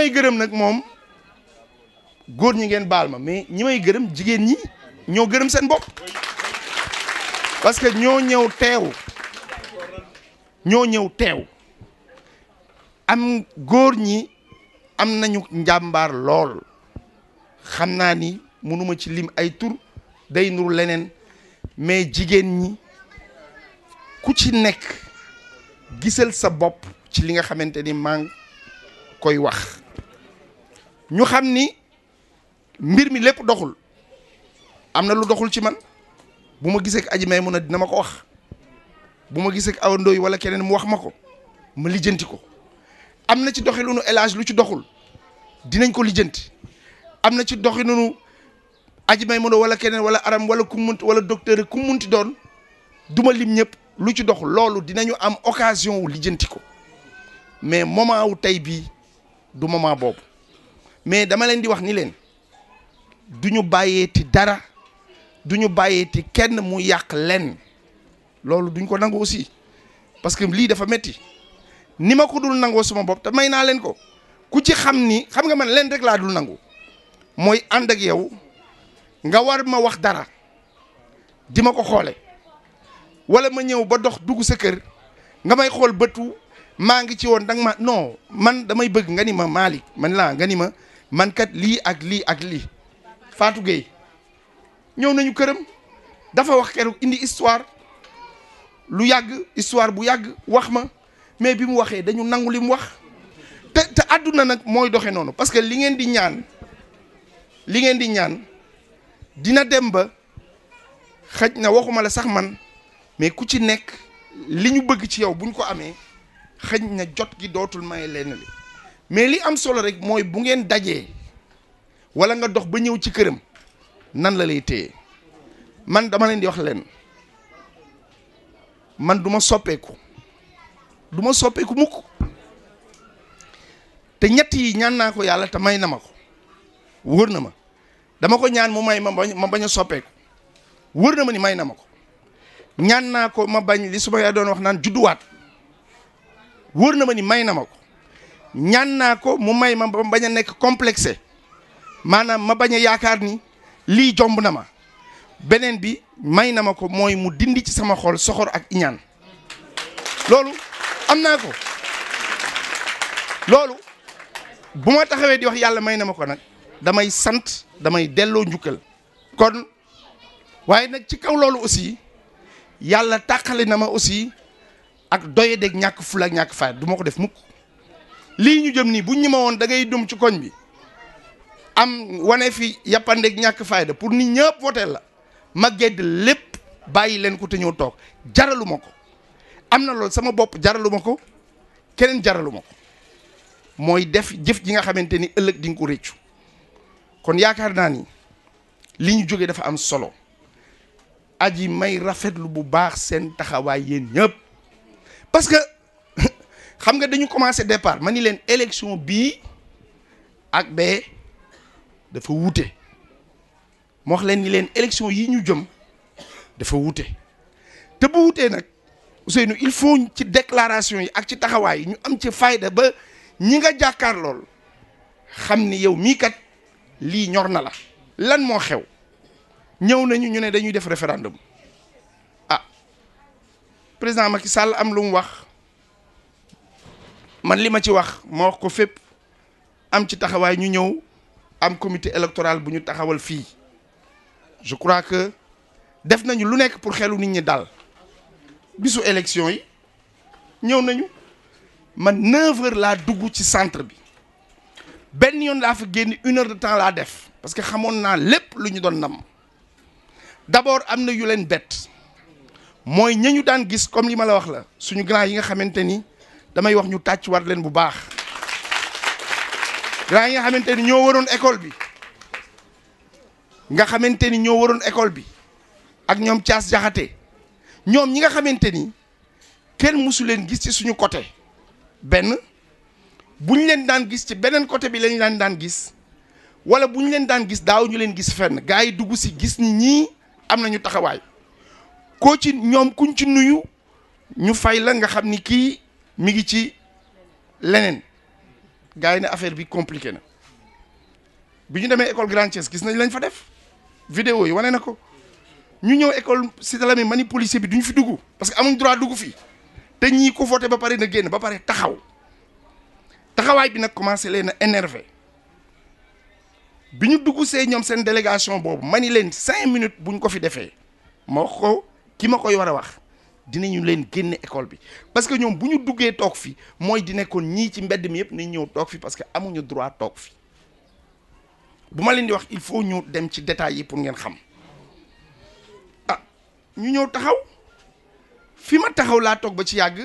may gërëm nag moom góor ñi ngeen baal ma mais ñi may gërëm jigéen ñi ñoo gërëm seen bopp parce que ñoo ñëw teew ñoo ñëw teew am góor ñi am nañu njàmbaar lool xam naa ni mënuma ci lim ay tur day nuru leneen mais jigéen ñi ku ci nekk gisal sa bopp ci li nga xamante ni maa ngi koy wax ñu xam ni mbir mi lépp doxul am na lu doxul ci man bu ma gisee ak aji may mun a dina ma ko wax bu ma gisee ak awandoo wala keneen mu wax ma ko ma lijjanti ko am na ci doxilinu élage lu ci doxul dinañ ko lijjanti am na ci doxi doxilinu aji may mun a wala keneen wala aram wala ku munti wala docteur ku munti doon duma lim ñëpp lu ci doxul loolu dinañu am occasion wu lijjanti ko mais moment wu tey bii du moment boobu. mais dama leen di wax ni leen du ñu bàyyee ti dara du ñu bàyyeeti kenn mu yàq leen loolu duñ ko nangu aussi parce que lii dafa metti ni ma ko dul nangoo suma bopp te may naa leen ko ku ci xam ni xam nga man leen rek laa dul nangu mooy ànd ak yow nga war ma wax dara di ko xoole wala ma ñëw ba dox dugg sa kër nga may xool bëtu maa ngi ci woon danga ma non man damay bëgg nga ni ma Malick man laa nga ni ma mankat lii ak lii ak lii faatu géey ñëw nañu këram dafa wax keroog indi histoire lu yàgg histoire bu yàgg wax ma mais bi mu waxee dañu nangu li mu wax te te àdduna nag mooy doxe noonu parce que li ngeen di ñaan li ngeen di ñaan dina dem ba xaj na waxuma la sax man mais ku ci nekk li ñu bëgg ci yow buñ ko amee xaj na jot gi dootul maye lenn li mais li am solo rek mooy bu ngeen dajee wala nga dox ba ñëw ci këram nan la lay téye man dama leen di wax leen man duma soppeeku duma soppeeku mukk te ñetti yi ñaan naa ko yàlla te may na ma ko wóor na ma dama ko ñaan mu may ma bañ ma bañ a soppeeku wër na ma ni may na ma ko ñaan naa ko ma bañ li su ma yaa doon wax naan judduwaat wóor na ma ni may na ma ko ñaan na ko mu may ma baña nek complexé manam ma baña yaakar ni li jomb na ma benen bi may na mako ko mu dindi ci sama xol soxor ak iñan loolu amna ko loolu buma taxawé di wax yalla may na mako nak damay sant damay Delo njukkal kon waye nak ci kaw loolu aussi yalla takali na ma aussi ak doye dek ñak fula ak fa faay def mukk lii ñu jëm nii buñ ñu ma woon da ngay dum ci koñ bi am wane fi yàppandeeg ñàkk fayda pour nit ñëpp woteel la ma gedd lépp bàyyi leen ko te ñëw toog jaraluma ko am na loolu sama bopp jaraluma ko keneen jaraluma ko mooy def jëf ji nga xamante ni ëllëg dinga ko rëccu kon yaakaar naa ni li ñu jógee dafa am solo aji may rafetlu bu baax seen taxawaay yéen ñëpp parce xam nga dañu commencé départ ma ni leen élection bii ak bee dafa wuute moo wax leen ni leen élection yi ñu jëm dafa wuute te bu wuutee nag Ousseynou il faut ci déclaration yi ak ci taxawaay yi ñu am ci fayda ba ñi nga jàkkaar lool xam ni yow mii kat lii ñor na la lan moo xew ñëw nañu ñu ne dañuy def référendum ah président Macky Sall am lu mu wax man li ma ci wax nous wax ko am ci taxaway ñu am comité électoral bu ñu taxawal je crois que def nañu lu nekk pour xelu nit ñi bisu élection yi ñew nañu man 9 h dugg centre bi Ben une heure de temps def parce que xamoon naa lépp lu ñu doon nam d'abord am na yu leen gis comme li damay wax ñu tàcc war leen bu baax grand yi nga xamante ni ñoo waroon école bi nga xamante ni ñoo waroon école bi ak ñoom caas Diakhaté ñoom ñi nga xamante ni kenn mësu leen gis ci suñu côté benn bu ñu leen daan gis ci beneen côté bi lañ leen daan gis wala bu ñu leen daan gis daawuñu leen gis fenn gars yi dugg si gis ni ñii am nañu taxawaay koo ci ñoom kuñ ci nuyu ñu fay la nga xam ni kii mi ngi ci leneen gars yi ne affaire bi compliqué na bi ñu demee école Grand Thiès gis nañ lañ fa def vidéo yi wane na ko ñu ñëw école Cité man mani policier bi duñ fi dugg parce que amuñ droit dugg fi te ñii ko voté ba pare na génn ba pare taxaw taxawaay bi nag commencé leen a énervé bi ñu dugg see ñoom seen délégation boobu mani leen cinq minutes buñ ko fi defee moo ko ki ma koy war a wax dinañu leen génn école bi parce que ñoom bu ñu duggee toog fi mooy di nekkoon ñii ci mbedd mi yëpp nañ ñëw toog fi parce que amuñu droit toog fi bu ma leen di wax il faut ñu dem ci détails yi pour ngeen xam ah ñu ñëw taxaw fi ma taxaw laa toog ba ci yàgg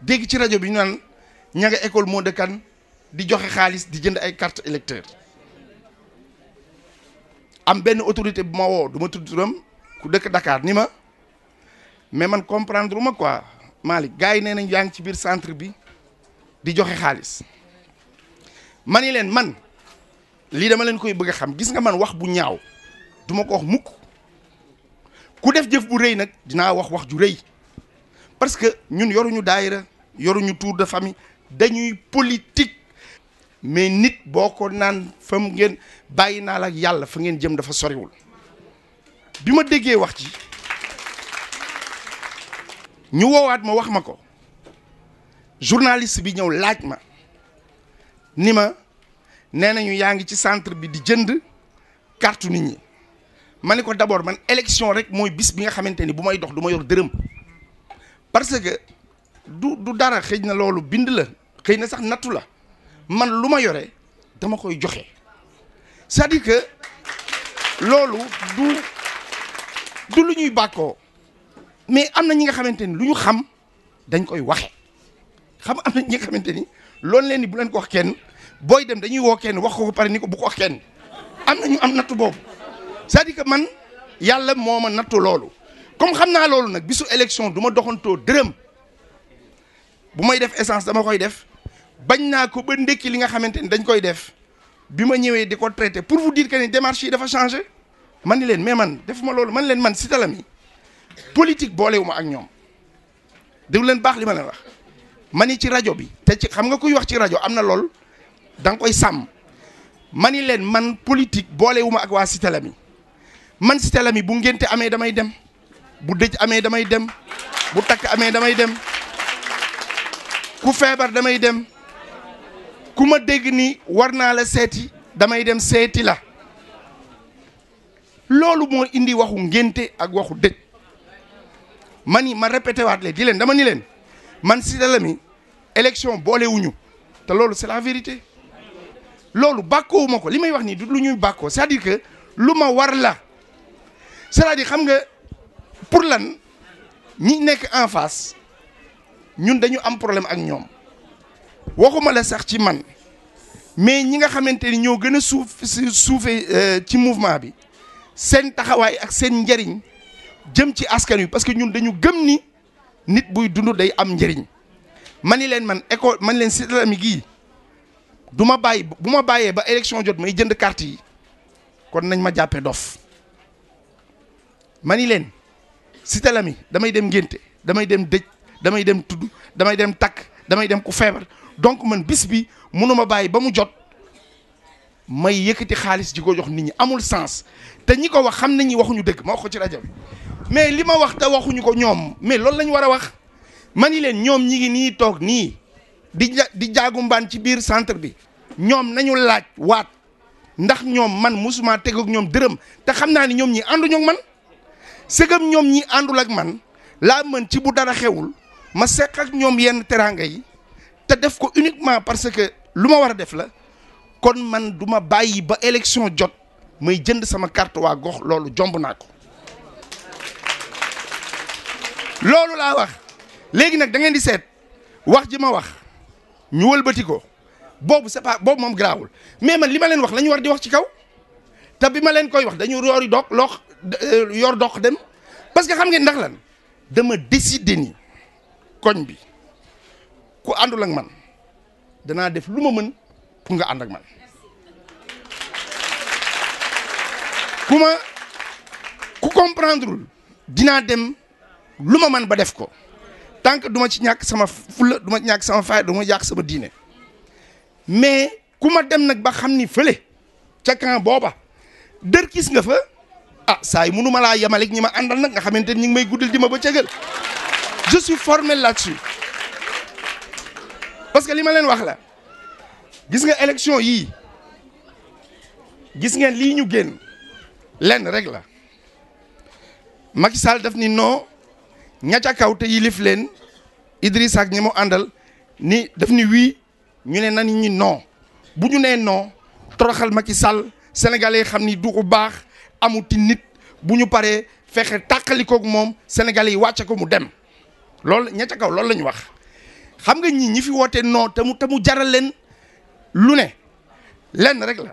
dégg ci rajo bi ñu naan ña nga école moo dëkkan di joxe xaalis di jënd ay carte électeur am benn autorité bu ma woo du ma tudd turam ku dëkk dakaar ni ma mais man comprendre uma quoi Malick gars yi nee nañ yaa ci biir centre bi di joxe xaalis ma ni leen man lii dama leen koy bëgg a xam gis nga man wax bu ñaaw duma ko wax mukk ku def jëf bu rëy nag dinaa wax wax ju rëy parce que ñun yoruñu daayira yoruñu tuur de famille dañuy politique mais nit boo ko naan fa mu ngeen bàyyi naa la ak yàlla fa ngeen jëm dafa soriwul bi ma déggee wax ci ñu woowaat ma wax ma ko journaliste bi ñëw laaj ma ni ma nee nañu yaa ngi ci centre bi di jënd kartu nit ñi ma ne ko d'abord man élection rek mooy bis bi nga xamante ni bu may dox du ma yor dërëm parce que du du dara xëy na loolu bind la xëy na sax nattu la man lu ma yore dama koy joxe cest di que loolu du du lu ñuy bàkkoo mais am na ñi nga xamante ni lu ñu xam dañ koy waxe xam am na ñi nga xamante ni loolu leen ni bu leen ko wax kenn booy dem dañuy woo kenn wax ko ko pare ni ko bu ko wax kenn am na ñu am nattu boobu c'est-à-dire que man yàlla moo ma nattu loolu comme xam naa loolu nag bisu élection duma ma doxantoo dërëm bu may def essence dama koy def bañ naa ko ba ndekki li nga xamante ni dañ koy def bi ma ñëwee de ko traité pour vous diir que ni yi dafa changé man ni leen mais man defuma loolu man leen man si talam politique boolewuma ak ñoom déglu leen baax li ma leen wax ma ni ci rajo bi te ci xam nga kuy wax ci rajo am na lool da nga koy sàmm ma ni leen man politique boolewuma ak waa Cité Lamy man Cité Lamy bu ngénte amee damay dem bu dëj amee damay dem bu takk amee damay dem ku feebar damay dem ku ma dégg ni war naa la seeti damay dem seeti la loolu moo indi waxu ngénte ak waxu dëj Mani, ma répété waat leen di dama ni leen man si dalami élection wuñu té lolu c'est la vérité lolu bako mako limay wax ni du luñuy bako, c'est-à-dire que luma war la c'est-à-dire xam nga pour lan ñi nek en face ñun dañu am problème ak ñom waxuma la sax ci man mais ñi nga xamanteni ñoo gëna souf souf euh, ci mouvement bi seen taxaway ak seen njariñ jëm ci askan wi parce que ñun dañu gëm ni nit buy dund day am njëriñ mani leen man école mani leen Cité Lamy gii du ma bàyyi bu ma bàyyee ba élection jot may jënd carte yi kon nañ ma jàppee dof mani leen Cité damay dem ngénte damay dem dëj damay dem tudd damay dem takk damay dem ku feebar donc man bis bi ma bàyyi ba mu jot may yëkkati xaalis ji ko jox nit ñi amul sens te ñi ko wax xam nañ ni waxuñu dëgg ma wax ko ci rajo bi mais lima wax ta waxuñu ko ñom mais loolu lañu wara wax mani ni ñom ñi ngi ni tok ni di di jaagu mban ci biir centre bi ñom nañu laaj waat ndax ñom man musuma tegg ak ñom takham te xamna ni ñom ñi andu ñok man segam ñom ñi àndul ak man la man ci bu dara xewul ma sekk ak ñom yenn teranga yi te def ko uniquement parce que luma ma def la kon man duma bayyi ba election jot may jënd sama carte wa gox lolu jombu nako Lalu la wax legui nak da ngeen di set wax ji ma wax ñu wëlbati ko boobu c'est pas bobu mom grawul mais man lima leen wax lañu war di wax ci kaw ta bima ma leen koy wax dañu yoori dok lox euh, yor dok dem parce que xam ngeen ndax lan dama décider ni koñ bi ku andul ak man dana def luma ma mën pour nga kuma, ak man ku ku comprendre dina dem luma man ba def ko tank duma ci ñak sama full duma ñak sama fay duma yak sama diine mais kuma dem nak ba xamni fele ca kan boba deur gis nga fa ah say yi mala yamal ak ñima ma nak nga xamanteni may guddal di ba cëgal je suis formé là-dessus parce que lima len wax la gis nga election yi gis ngeen li ñu genn len rek la Macky Sall ni non ña ca kaw te yilif len Idriss ak ñimo andal ni daf ni wi ñu ne nan ñi non bu ñu non toroxal Macky Sall sénégalais xam ni du ko bax amuti nit bu ñu takali ko ak mom sénégalais yi ko mu dem lol kaw lol lañ wax xam nga ñi ñi fi woté non te mu te mu jaral len, lu ne len rek la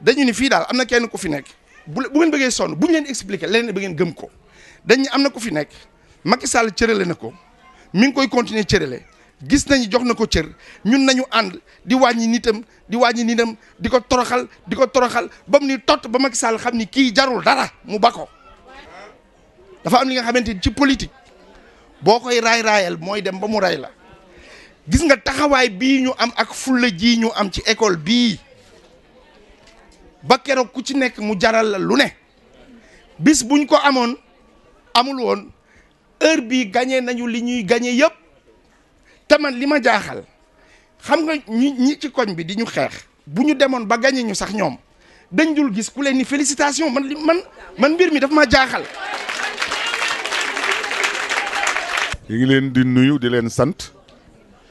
dañu ni fi dal amna kenn ku fi nek bu ngeen bëggee son bu leen expliqué leneen gëm ko dañ ku fi nek Macky Sall cërale na ko mi ngi koy continuer cërale gis nañu jox na ko cër ñun nañu ànd di wàññi nitam di wàññi nitam di ko toroxal di ko toroxal ba mu ni tott ba Macky Sall xam ni kii jarul dara mu ba ko dafa am li nga xamante ni ci politique boo koy raay raayal mooy dem ba mu raay la gis nga taxawaay bii ñu am ak fulla jii ñu am ci école bii ba keroog ku ci nekk mu jaral la lu ne bis buñ ko amoon amul woon. heure bii gañee nañu li ñuy gagné yëpp te man li ma jaaxal xam nga ñi ci koñ bi di ñu xeex bu ñu demoon ba gagné ñu sax ñoom dañ gis ku leen ni félicitation man li man man mbir mi daf ma jaaxal. ñu ngi leen di nuyu di leen sant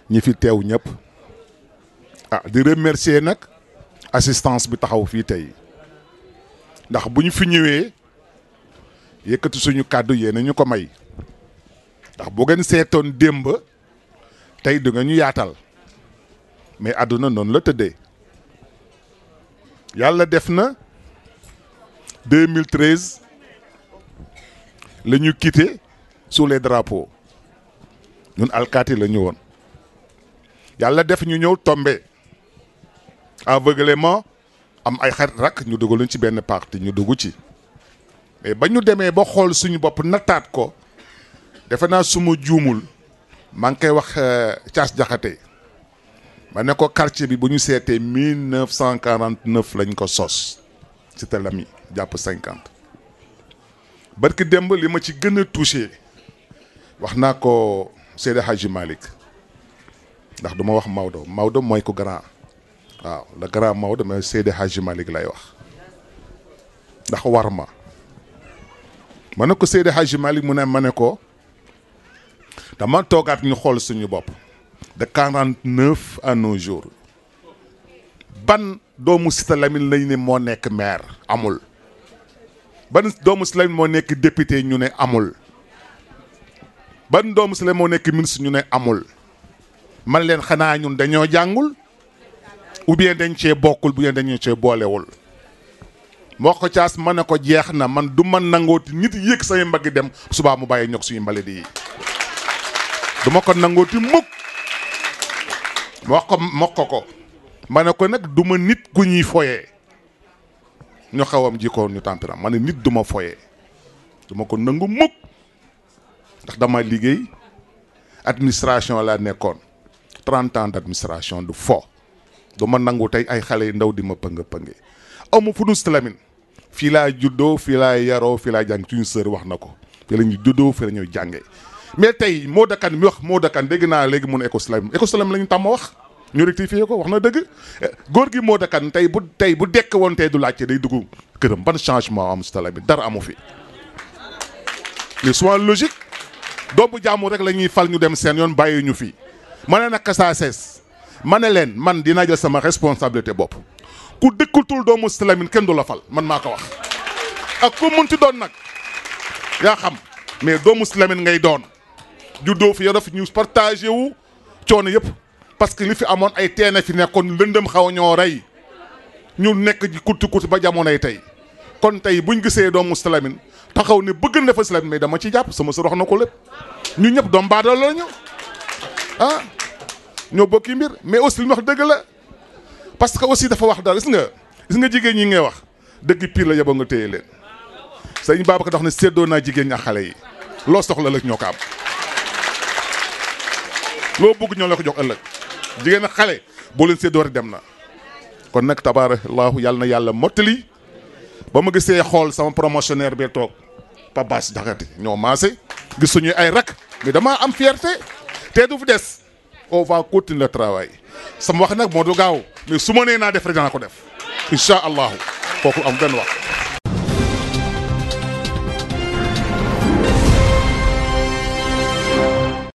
ñi fi teew ñëpp ah di remercier nag assistance bi taxaw fii tey ndax bu ñu fi ñëwee yëkkati suñu kàddu yéen ñu ko may. ndax boo ngeen seetoon démb tey du nga ñu yaatal mais àdduna noonu la tëddee yàlla def na 2013 la ñu quitté sous les ñun alkaati la ñu woon yàlla def ñu ñëw tombe aveuglément am ay xarit rak ñu dugaluñ ci benn parti ñu dugg ci mais ba ñu demee ba xool suñu bopp nattaat ko. defe naa suma juumul maa ngi koy wax Caas euh, Jaxate ma ne ko quartier bi bu ñu seetee mille neuf cent quarante neuf lañ ko sos Cité Lamy jàpp cinquante barki démb li ma ci gën a wax naa ko Seydi Hadji Malick ndax du ma wax Maodo Maodo mooy ko grand waaw le grand Maodo mais Seydi Hadji Malick lay wax ndax war ma ma ne ko Seydi Hadji Malick mu ne ma ne ko dama toogaat ñu xool suñu bopp de quarante neuf à nos jours ban doomu Cité Lamy lañ ne moo nekk maire amul ban doomu Cité Lamy moo nekk député ñu ne amul ban doomu si Lamy moo nekk ministre ñu ne amul man leen xanaa ñun dañoo jàngul ou bien dañ cee bokkul ou bien dañu cee boolewul moo ko caas ma ne ko jeex na man du man nangooti nit yéeg say mbagg dem subaa mu bàyyi ñoog suñu mbalidi yi du ma nangoo nangooti mukk wax ko mokk ko ma ne ko nag du ma nit ku ñuy foyee ñu xawam jikko ñu tempéra ma ne nit duma ma foyee du ma ko nangu mukk ndax dama liggéey administration laa nekkoon trente ans administration du fo du ma nangu tey ay xale yu ndaw di ma pënga pënge amu fu dus lamin fii laa juddoo fii laa yaroo fii laa jàng suñu sër wax na ko fii la ñuy juddoo fii la ñuy jàngee mais tey Modou Kane mi wax Modou Kane dégg naa léegi mun écosystème écosystème la ñu tàmm wax ñu rectifié ko wax na dëgg góor gi Modou Kane tey bu tey bu dekk woon tey du laajte day dugg këram ban changement am si bi dara amu fi. les soins logiques doomu jàmm rek la ñuy fal ñu dem seen yoon bàyyi ñu fi ma ne nag kasaasees ma ne leen man dinaa jël sama responsabilité bopp ku dëkkutul doomu Lamine kenn du la fal man maa ko wax ak ku munti doon nag yaa xam mais doomu Lamine ngay doon. juddoo fi yoro fi ñu partagé wu coono yëpp parce que li fi amoon ay teena fi nekkoon lëndëm xaw ñoo rey ñu nekk ci kurti kurti ba jamonoy tey kon tey buñ gisee doomu Salamine taxaw ne bëgg na fa Salamine mais dama ci jàpp sama sër wax na ko lépp ñu ñëpp doom baadoo la ñu ah ñoo bokki mbir mais aussi li ñu wax dëgg la parce que aussi dafa wax daal gis nga gis nga jigéen ñi ngay wax dëgg pire la yaboo nga téye leen sëñ Babacar dax ne séddoo naa jigéen ñi xale yi loo soxla la ñoo ko am loo bëgg ñoo la ko jox ëllëg jigéen ak xale boo leen see dem na kon nag tabaarakallaahu yàlla na yàlla mottali ba ma gisee xool sama promotionnaire bee toog Pabas Jaxate ñoo maase gis suñuy ay rak mais damaa am fierté te du fi des on va continuer le travail sama wax nag moo du gaaw mais su ma nee naa def rek dana ko def incha allahu kooku am benn wax.